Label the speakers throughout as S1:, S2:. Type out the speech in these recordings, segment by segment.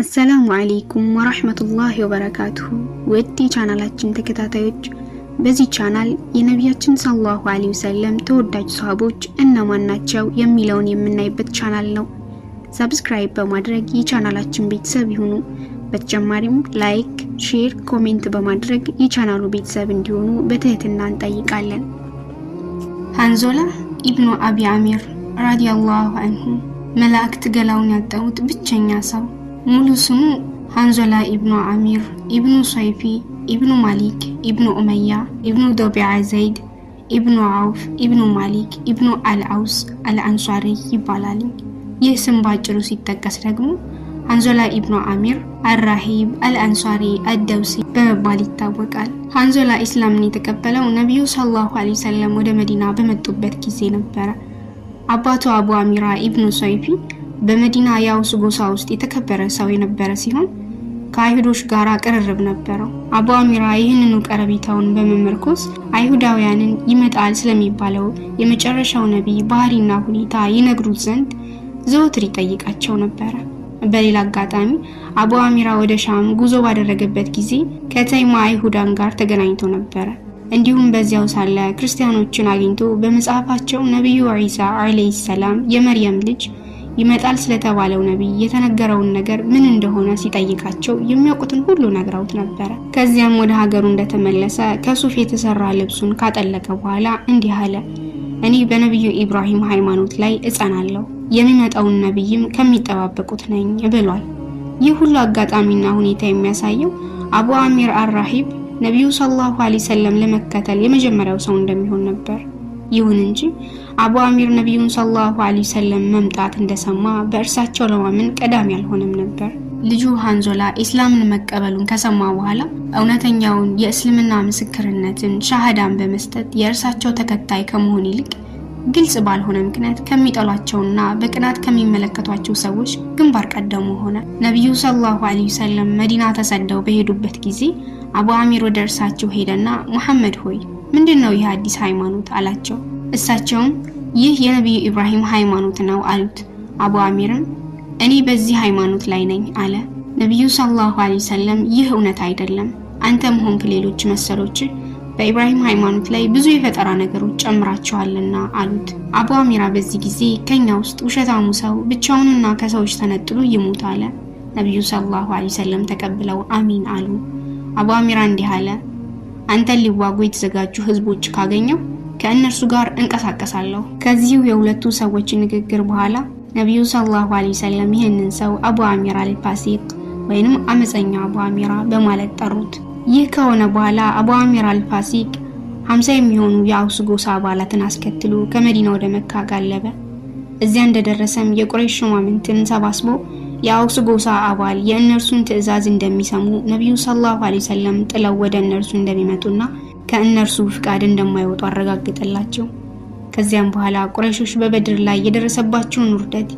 S1: አሰላሙ አለይኩም ወራህመቱላሂ ወበረካቱሁ ውድ የቻናላችን ተከታታዮች በዚህ ቻናል የነቢያችን ሰለላሁ ዐለይሂ ወሰለም ተወዳጅ ሰሃቦች እነማን ናቸው የሚለውን የምናይበት ቻናል ነው። ሰብስክራይብ በማድረግ የቻናላችን ቤተሰብ ይሁኑ። በተጨማሪም ላይክ፣ ሼር፣ ኮሜንት በማድረግ የቻናሉ ቤተሰብ እንዲሆኑ በትህትና እንጠይቃለን። ሐንዞላ ኢብኑ አቢ አሚር ራዲየላሁ አንሁ መላእክት ገላውን ያጠቡት ብቸኛ ሰው ሙሉ ስሙ ሃንዞላ ኢብኑ አሚር ኢብኑ ሶይፊ ኢብኑ ማሊክ ኢብኑ ኡመያ ኢብኑ ዶቢዓ ዘይድ ኢብኑ አውፍ ኢብኑ ማሊክ ኢብኑ አልአውስ አልአንሷሪ ይባላል። ይህ ስም ባጭሩ ሲጠቀስ ደግሞ ሃንዞላ ኢብኑ አሚር አራሂብ አልአንሷሪ አደውሲ በመባል ይታወቃል። ሃንዞላ ኢስላምን የተቀበለው ነቢዩ ሰለላሁ ዐለይሂ ወሰለም ወደ መዲና በመጡበት ጊዜ ነበረ። አባቱ አቡ አሚራ ኢብኑ ሶይፊ በመዲና ያውስ ጎሳ ውስጥ የተከበረ ሰው የነበረ ሲሆን ከአይሁዶች ጋር ቅርርብ ነበረው። አቡ አሚራ ይህንኑ ቀረቤታውን በመመርኮስ አይሁዳውያንን ይመጣል ስለሚባለው የመጨረሻው ነቢይ ባህሪና ሁኔታ ይነግሩት ዘንድ ዘወትር ይጠይቃቸው ነበረ። በሌላ አጋጣሚ አቡ አሚራ ወደ ሻም ጉዞ ባደረገበት ጊዜ ከተይማ አይሁዳን ጋር ተገናኝቶ ነበረ። እንዲሁም በዚያው ሳለ ክርስቲያኖችን አግኝቶ በመጽሐፋቸው ነቢዩ ዒሳ ዓለይሂ ሰላም የመርየም ልጅ ይመጣል ስለተባለው ነቢይ የተነገረውን ነገር ምን እንደሆነ ሲጠይቃቸው የሚያውቁትን ሁሉ ነግረውት ነበረ። ከዚያም ወደ ሀገሩ እንደተመለሰ ከሱፍ የተሰራ ልብሱን ካጠለቀ በኋላ እንዲህ አለ፣ እኔ በነቢዩ ኢብራሂም ሃይማኖት ላይ እጸናለሁ፣ የሚመጣውን ነቢይም ከሚጠባበቁት ነኝ ብሏል። ይህ ሁሉ አጋጣሚና ሁኔታ የሚያሳየው አቡ አሚር አራሂብ ነቢዩ ሰለላሁ ዐለይሂ ወሰለም ለመከተል የመጀመሪያው ሰው እንደሚሆን ነበር። ይሁን እንጂ አቡ አሚር ነቢዩን ሰለላሁ ዐለይሂ ወሰለም መምጣት እንደሰማ በእርሳቸው ለማመን ቀዳሚ አልሆነም ነበር። ልጁ ሃንዞላ ኢስላምን መቀበሉን ከሰማ በኋላ እውነተኛውን የእስልምና ምስክርነትን ሻሃዳን በመስጠት የእርሳቸው ተከታይ ከመሆን ይልቅ ግልጽ ባልሆነ ምክንያት ከሚጠሏቸውና በቅናት ከሚመለከቷቸው ሰዎች ግንባር ቀደሙ ሆነ። ነቢዩ ሰለላሁ ዐለይሂ ወሰለም መዲና ተሰደው በሄዱበት ጊዜ አቡ አሚር ወደ እርሳቸው ሄደና ሙሐመድ ሆይ ምንድን ነው ይህ አዲስ ሃይማኖት አላቸው። እሳቸውም ይህ የነቢዩ ኢብራሂም ሃይማኖት ነው አሉት። አቡ አሚርም እኔ በዚህ ሃይማኖት ላይ ነኝ አለ። ነቢዩ ሰለላሁ ዐለይሂ ወሰለም ይህ እውነት አይደለም፣ አንተም ሆንክ ሌሎች መሰሎች በኢብራሂም ሃይማኖት ላይ ብዙ የፈጠራ ነገሮች ጨምራችኋልና አሉት። አቡ አሚራ በዚህ ጊዜ ከኛ ውስጥ ውሸታሙ ሰው ብቻውንና ከሰዎች ተነጥሎ ይሞት አለ። ነቢዩ ሰለላሁ ዐለይሂ ወሰለም ተቀብለው አሚን አሉ። አቡ አሚራ እንዲህ አለ አንተን ሊዋጉ የተዘጋጁ ህዝቦች ካገኘው ከእነርሱ ጋር እንቀሳቀሳለሁ። ከዚሁ የሁለቱ ሰዎች ንግግር በኋላ ነቢዩ ሰለላሁ ዐለይሂ ወሰለም ይህንን ሰው አቡ አሚራ አልፋሲቅ ወይንም አመፀኛው አቡ አሚራ በማለት ጠሩት። ይህ ከሆነ በኋላ አቡ አሚራ አልፋሲቅ ሀምሳ የሚሆኑ የአውስ ጎሳ አባላትን አስከትሎ ከመዲና ወደ መካ ጋለበ። እዚያ እንደደረሰም የቁረይሽ ሹማምንትን ሰባስቦ የአውስ ጎሳ አባል የእነርሱን ትእዛዝ እንደሚሰሙ ነቢዩ ሰለላሁ ዐለይሂ ወሰለም ጥለው ወደ እነርሱ እንደሚመጡና ከእነርሱ ፍቃድ እንደማይወጡ አረጋግጠላቸው። ከዚያም በኋላ ቁረሾች በበድር ላይ የደረሰባቸውን ውርደት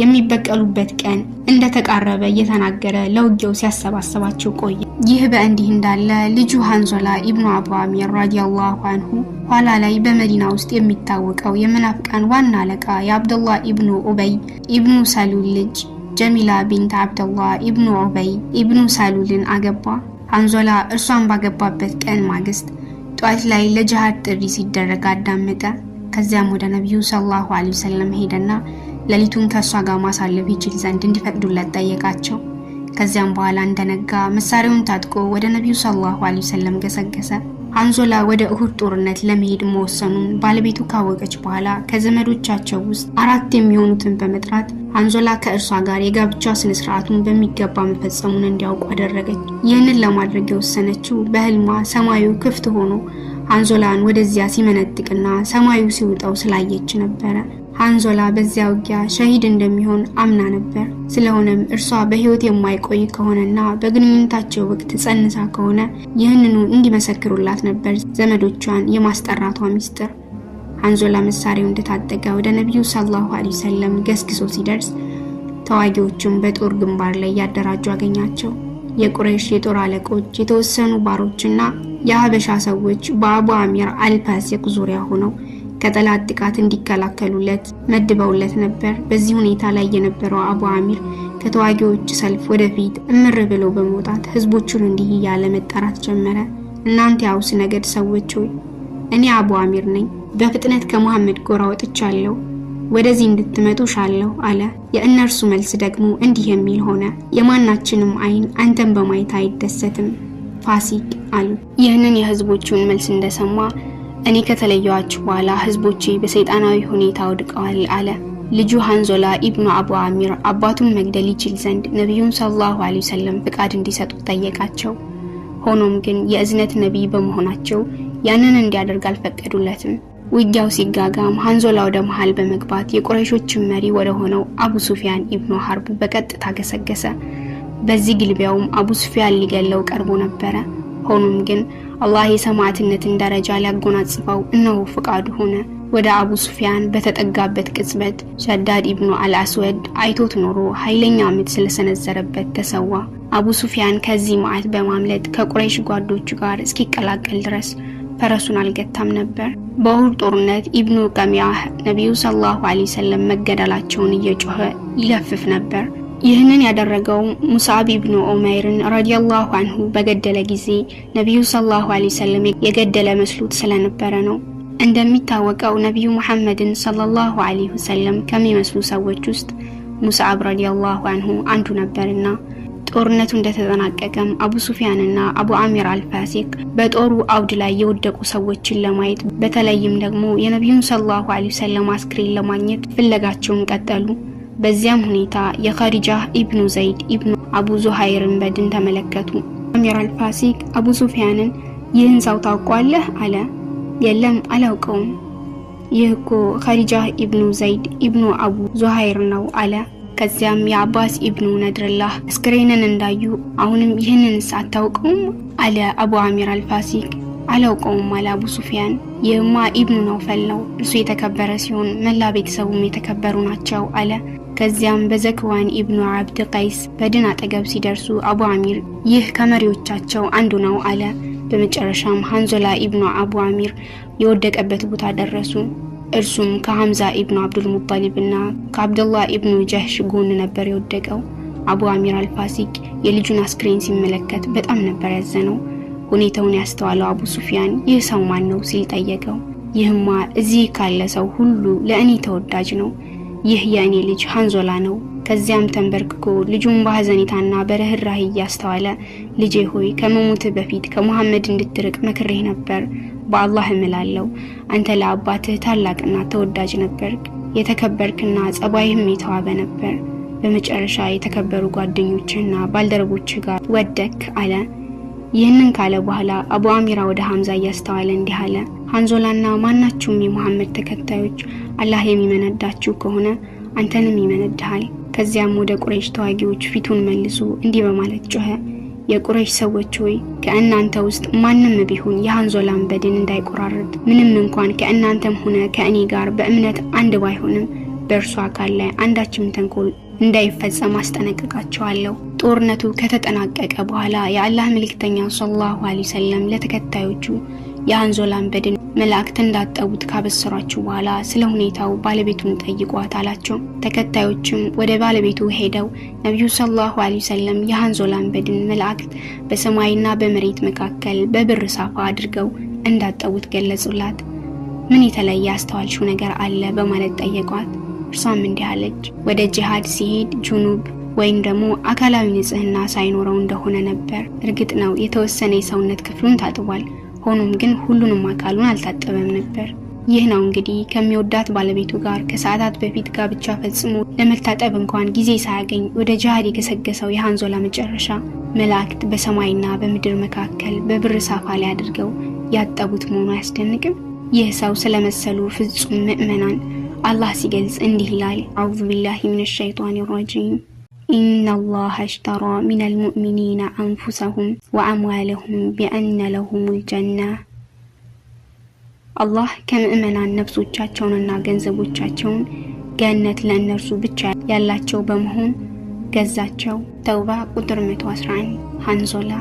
S1: የሚበቀሉበት ቀን እንደተቃረበ እየተናገረ ለውጊያው ሲያሰባሰባቸው ቆየ። ይህ በእንዲህ እንዳለ ልጁ ሐንዞላ ኢብኑ አቡ አሚር ራዲያላሁ አንሁ ኋላ ላይ በመዲና ውስጥ የሚታወቀው የመናፍቃን ዋና አለቃ የአብዱላህ ኢብኑ ኡበይ ኢብኑ ሰሉል ልጅ ጀሚላ ቢንት አብደላህ ኢብኑ ዑበይ ኢብኑ ሳሉልን አገባ። አንዞላ እርሷን ባገባበት ቀን ማግስት ጧት ላይ ለጅሃድ ጥሪ ሲደረግ አዳመጠ። ከዚያም ወደ ነቢዩ ሰለላሁ ዐለይሂ ወሰለም ሄደና ሌሊቱን ከእሷ ጋር ማሳለፍ ይችል ዘንድ እንዲፈቅዱለት ጠየቃቸው። ከዚያም በኋላ እንደነጋ መሳሪያውን ታጥቆ ወደ ነቢዩ ሰለላሁ ዐለይሂ ወሰለም ገሰገሰ። አንዞላ ወደ እሁድ ጦርነት ለመሄድ መወሰኑን ባለቤቱ ካወቀች በኋላ ከዘመዶቻቸው ውስጥ አራት የሚሆኑትን በመጥራት አንዞላ ከእርሷ ጋር የጋብቻ ስነ ስርዓቱን በሚገባ መፈጸሙን እንዲያውቁ አደረገች። ይህንን ለማድረግ የወሰነችው በህልሟ ሰማዩ ክፍት ሆኖ አንዞላን ወደዚያ ሲመነጥቅና ሰማዩ ሲውጠው ስላየች ነበረ። አንዞላ በዚያ ውጊያ ሸሂድ እንደሚሆን አምና ነበር። ስለሆነም እርሷ በህይወት የማይቆይ ከሆነና በግንኙነታቸው ወቅት ጸንሳ ከሆነ ይህንኑ እንዲመሰክሩላት ነበር ዘመዶቿን የማስጠራቷ ሚስጥር። አንዞላ መሳሪያው እንደታጠቀ ወደ ነቢዩ ሰለላሁ ዐለይሂ ወሰለም ገስግሶ ሲደርስ ተዋጊዎቹም በጦር ግንባር ላይ እያደራጁ አገኛቸው። የቁረይሽ የጦር አለቆች፣ የተወሰኑ ባሮችና የሀበሻ ሰዎች በአቡ አሚር አልፋሲቅ ዙሪያ ሆነው ከጠላት ጥቃት እንዲከላከሉለት መድበውለት ነበር። በዚህ ሁኔታ ላይ የነበረው አቡ አሚር ከተዋጊዎች ሰልፍ ወደፊት እምር ብሎ በመውጣት ህዝቦቹን እንዲህ እያለ መጠራት ጀመረ። እናንተ የአውስ ነገድ ሰዎች ሆይ እኔ አቡ አሚር ነኝ። በፍጥነት ከሙሐመድ ጎራ ወጥቻለሁ፣ ወደዚህ እንድትመጡ ሻለሁ አለ። የእነርሱ መልስ ደግሞ እንዲህ የሚል ሆነ፣ የማናችንም አይን አንተን በማየት አይደሰትም ፋሲቅ አሉ። ይህንን የህዝቦቹን መልስ እንደሰማ እኔ ከተለየዋችሁ በኋላ ህዝቦቼ በሰይጣናዊ ሁኔታ ወድቀዋል አለ። ልጁ ሃንዞላ ኢብኑ አቡ አሚር አባቱን መግደል ይችል ዘንድ ነቢዩን ሰለላሁ ዐለይሂ ወሰለም ፍቃድ እንዲሰጡ ጠየቃቸው። ሆኖም ግን የእዝነት ነቢይ በመሆናቸው ያንን እንዲያደርግ አልፈቀዱለትም። ውጊያው ሲጋጋም ሃንዞላ ወደ መሃል በመግባት የቁረይሾችን መሪ ወደ ሆነው አቡ ሱፊያን ኢብኑ ሐርብ በቀጥታ ገሰገሰ። በዚህ ግልቢያውም አቡ ሱፊያን ሊገለው ቀርቦ ነበረ። ሆኖም ግን አላህ የሰማዕትነትን ደረጃ ሊያጎናጽፈው እነሆ ፍቃዱ ሆነ። ወደ አቡ ሱፊያን በተጠጋበት ቅጽበት ሸዳድ ኢብኑ አልአስወድ አይቶት ኖሮ ኃይለኛ ምት ስለሰነዘረበት ተሰዋ። አቡ ሱፊያን ከዚህ መዓት በማምለጥ ከቁረይሽ ጓዶቹ ጋር እስኪቀላቀል ድረስ ፈረሱን አልገታም ነበር። በኡሁድ ጦርነት ኢብኑ ቀሚያህ ነቢዩ ሰለላሁ ዐለይሂ ወሰለም መገደላቸውን እየጮኸ ይለፍፍ ነበር። ይህንን ያደረገው ሙስዓብ ኢብኑ ዑመይርን ረዲየላሁ አንሁ በገደለ ጊዜ ነቢዩ ሰለላሁ ዐለይሂ ወሰለም የገደለ መስሎት ስለነበረ ነው። እንደሚታወቀው ነቢዩ ሙሐመድን ሰለላሁ ዐለይሂ ወሰለም ከሚመስሉ ሰዎች ውስጥ ሙስዓብ ረዲየላሁ አንሁ አንዱ ነበርና ጦርነቱ እንደተጠናቀቀም አቡ ሱፊያንና አቡ አሚር አልፋሲቅ በጦሩ አውድ ላይ የወደቁ ሰዎችን ለማየት በተለይም ደግሞ የነቢዩን ሰለላሁ ዐለይሂ ወሰለም አስክሬን ለማግኘት ፍለጋቸውን ቀጠሉ። በዚያም ሁኔታ የኸሪጃ ኢብኑ ዘይድ ኢብኑ አቡ ዙሃይርን በድን ተመለከቱ። አሚር አልፋሲቅ አቡ ሱፊያንን ይህን ሰው ታውቋለህ? አለ። የለም አላውቀውም። ይህ እኮ ኸሪጃ ኢብኑ ዘይድ ኢብኑ አቡ ዙሃይር ነው አለ። ከዚያም የአባስ ኢብኑ ነድርላህ እስክሬንን እንዳዩ አሁንም ይህንንስ አታውቀውም? አለ አቡ አሚር አልፋሲቅ አላውቀውም አለ አቡ ሱፊያን። ይህማ ኢብኑ ነውፈል ነው እሱ የተከበረ ሲሆን መላ ቤተሰቡም የተከበሩ ናቸው አለ። ከዚያም በዘክዋን ኢብኑ አብድ ቀይስ በድን አጠገብ ሲደርሱ አቡ አሚር ይህ ከመሪዎቻቸው አንዱ ነው አለ። በመጨረሻም ሐንዞላ ኢብኑ አቡ አሚር የወደቀበት ቦታ ደረሱ። እርሱም ከሐምዛ ኢብኑ አብዱል ሙጣሊብና ከአብዱላህ ኢብኑ ጀህሽ ጎን ነበር የወደቀው። አቡ አሚር አልፋሲቅ የልጁን አስክሬን ሲመለከት በጣም ነበር ያዘነው። ሁኔታውን ያስተዋለው አቡ ሱፊያን ይህ ሰው ማን ነው ሲል ጠየቀው። ይህማ እዚህ ካለ ሰው ሁሉ ለእኔ ተወዳጅ ነው ይህ የእኔ ልጅ ሀንዞላ ነው። ከዚያም ተንበርክኮ ልጁን በሐዘኔታና በርህራህ እያስተዋለ ልጄ ሆይ ከመሞትህ በፊት ከሙሐመድ እንድትርቅ መክሬህ ነበር። በአላህ እምላለሁ አንተ ለአባትህ ታላቅና ተወዳጅ ነበር። የተከበርክና ጸባይህም የተዋበ ነበር። በመጨረሻ የተከበሩ ጓደኞችህና ባልደረቦችህ ጋር ወደክ አለ። ይህንን ካለ በኋላ አቡ አሚራ ወደ ሐምዛ እያስተዋለ እንዲህ አለ ሀንዞላና ማናችሁም የሙሐመድ ተከታዮች አላህ የሚመነዳችሁ ከሆነ አንተንም ይመነድሃል። ከዚያም ወደ ቁረይሽ ተዋጊዎች ፊቱን መልሱ እንዲህ በማለት ጮኸ። የቁረይሽ ሰዎች ሆይ ከእናንተ ውስጥ ማንም ቢሆን የሀንዞላን በድን እንዳይቆራርጥ፣ ምንም እንኳን ከእናንተም ሆነ ከእኔ ጋር በእምነት አንድ ባይሆንም በእርሱ አካል ላይ አንዳችም ተንኮል እንዳይፈጸም አስጠነቅቃቸዋለሁ። ጦርነቱ ከተጠናቀቀ በኋላ የአላህ መልእክተኛ ሰለላሁ ዐለይሂ ወሰለም ለተከታዮቹ የሀንዞላን በድን መላእክት እንዳጠቡት ካበሰሯችሁ በኋላ ስለ ሁኔታው ባለቤቱን ጠይቋት አላቸው። ተከታዮችም ወደ ባለቤቱ ሄደው ነቢዩ ሰለላሁ ዐለይሂ ወሰለም የሐንዞላን በድን መላእክት በሰማይና በመሬት መካከል በብር ሳፋ አድርገው እንዳጠቡት ገለጹላት። ምን የተለየ አስተዋልሽው ነገር አለ በማለት ጠየቋት። እርሷም እንዲህ አለች፣ ወደ ጂሃድ ሲሄድ ጁኑብ ወይም ደግሞ አካላዊ ንጽህና ሳይኖረው እንደሆነ ነበር። እርግጥ ነው የተወሰነ የሰውነት ክፍሉን ታጥቧል። ሆኖም ግን ሁሉንም አካሉን አልታጠበም ነበር። ይህ ነው እንግዲህ ከሚወዳት ባለቤቱ ጋር ከሰዓታት በፊት ጋብቻ ፈጽሞ ለመታጠብ እንኳን ጊዜ ሳያገኝ ወደ ጅሃድ የገሰገሰው የሃንዞላ መጨረሻ። መላእክት በሰማይና በምድር መካከል በብር ሳፋ ላይ አድርገው ያጠቡት መሆኑ አያስደንቅም? ይህ ሰው ስለመሰሉ ፍጹም ምእመናን አላህ ሲገልጽ እንዲህ ይላል፣ አዑዙ ቢላሂ ሚነ ሸይጣን ረጂም إن الله اشترى من المؤمنين أنفسهم وأموالهم بأن لهم الجنة الله كم أمن عن نفسه تشاتشون أن جنزبو تشاتشون جنة لأن رسو يلا تشوبهم بمهون جزاتشو توبة قدر متواسرين هنزولا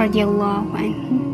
S1: رضي الله عنهم